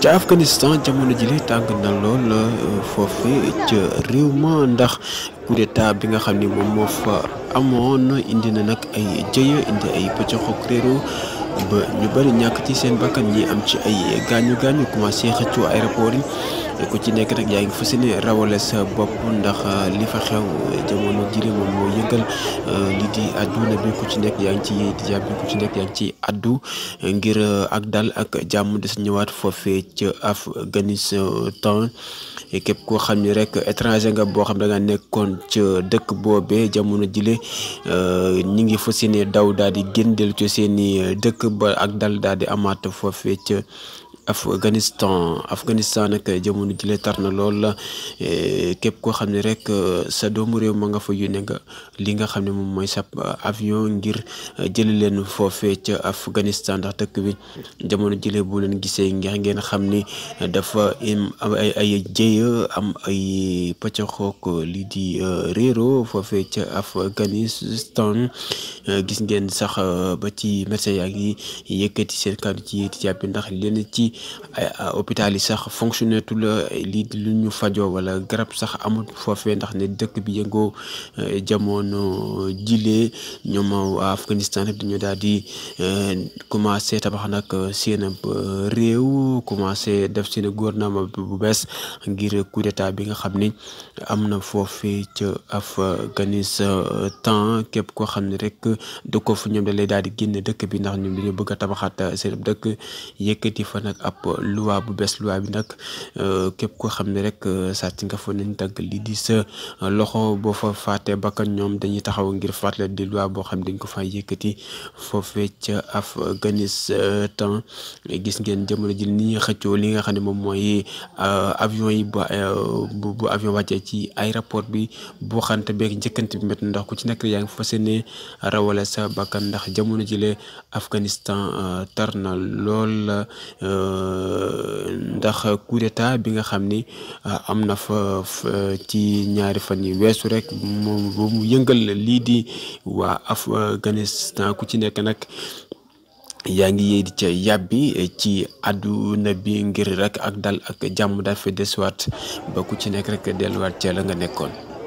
ca Afghanistan jamono jile tàng na lool euh, foofe ca réew ma ndax coup d'état bi nga xam ni moom moo fa amoon indi na nag ay jëya indi ay pëccoxook réeroo ba ñu bari ñàkk ci seen bakkan ñi am ci ay gaañu gaañu commencé xëccoo aéroport yi ku ci nekk rek yaa ngi fas yéene rawale sa bopp ndax euh, li fa xew jamono jile moom moo yëngal euh, li di àdduna bi ku ci nekk yaa ngi ci ku ci ci addu euh, ngir ak dal ak jàmm des ñëwaat foofee ca Afghanistan képp koo xam ni rek étranger nga boo xam ne nga nekkoon ca dëkk boobee jamono jile ñu ngi fas yéene daw daal di génn dellu ci seeni dëkk ba ak dal daal di amaat foofee ca Afghanistan Afghanistan nag eh, jamono jile tar na lool eh, képp koo xam ne rek eh, sa doomu réew ma nga fa yónnee nga li nga xam ne moom mooy sa avion ngir jëli leen foofee ca Afghanistan ndax dëkk bi jamono jile bu leen gisee ngeex ngeen xam ni dafa am ay ay jëye am ay xook lii di réero foofee ca Afghanistan gis ngeen sax ba ci médecin yaa ngi yëkkati seen kàddu ci yéeti jàpp ndax leen ci hôpital yi sax fonctionné tul lii di lu ñu fajoo wala garab sax amul foofee ndax ne dëkk bi yëngoo jamono jilee ñoom waa Afghanistan yëpp dañoo daal di eh, commencé tabax nag seen eh, réew commencé def seen gouvernement bu bees ngir coup bi nga xam ni am na foofee ca Afghanistan képp koo xam ne rek dëkkoo fa ñoom da lay daal di génn dëkk bi ndax ñoom dañoo bëgg a tabaxaat seen dëkk yëkkati fa nag. ab loi bu bees loi bi nag euh, képp koo xam ne rek euh, sàcc nga fa nañ dagg lii di sa loxo boo fa faatee bakkan ñoom dañuy taxaw ngir fàttali di loi boo xam dañ ko faa yëkkati foofee ca Afghanistan gis ngeen jamono ji ni ñuy xëccoo li nga xam ne moom mooy euh, avion yi bu bu avion wàccee ci aéroport bi boo xante beeg njëkkante bi métti ndax ku ci nekk yaa ngi fas yéene rawale sa bakkan ndax jamono ji Afghanistan tar lool ndax coup bi nga xam ni euh, am na fa ci ñaari fan yi weesu rek moom ba mu yëngal lii di waa Afghanistan ku ci nekk nag yaa ngi yee di ca yàbbi ci àdduna bi ngir rek ak dal ak jàmm daal fa desuwaat ba ku ci nekk rek delluwaat ca la nga nekkoon.